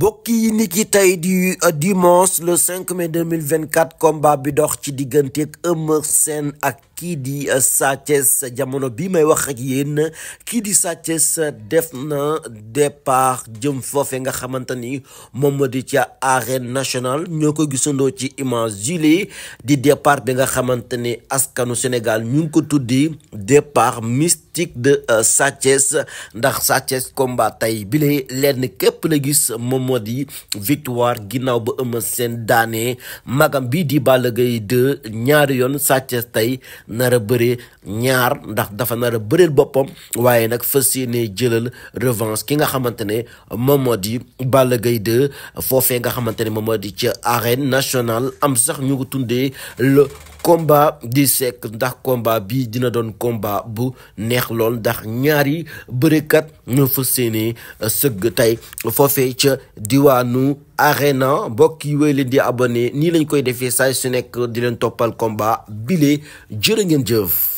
mbokk yi ni ki tey di euh, dimanche le 5 mai 2024 combat bi dox ci digganteeg Eumeu ak kii di euh, Sathies jamono bi may wax ak yéen kii di Sathies def na départ jëm foofe nga xamante ni moom moo di ca arène nationale ñoo ko gisandoo ci image juli di départ bi nga xamante ni askanu Sénégal ñu ngi ko tuddi départ mystique de euh, Sathies ndax Sathies combat tey bile lenn képp la gis moom moo victoire ginnaaw ba Eumeu seen daane magam bi di Balla Gaye 2 ñaari yoon Sathies tey nar a ñaar ndax dafa nar a bëreel boppam waaye nag fas yéene jëlal revanche ki nga xamante ne moom moo di Balla Gaye 2 nga xamante ne moom moo di ca arène nationale am sax ñu ko tundee le combat di sekk ndax combat bi dina doon combat bu neex lool ndax ñaari bërekat ñu fa seeni euh, sëgg tey foofee ca diwaanu arena mbokk yi wéy leen di abonné nii lañ koy defee saay su nekk di leen toppal combat bile jërë ngeen jëf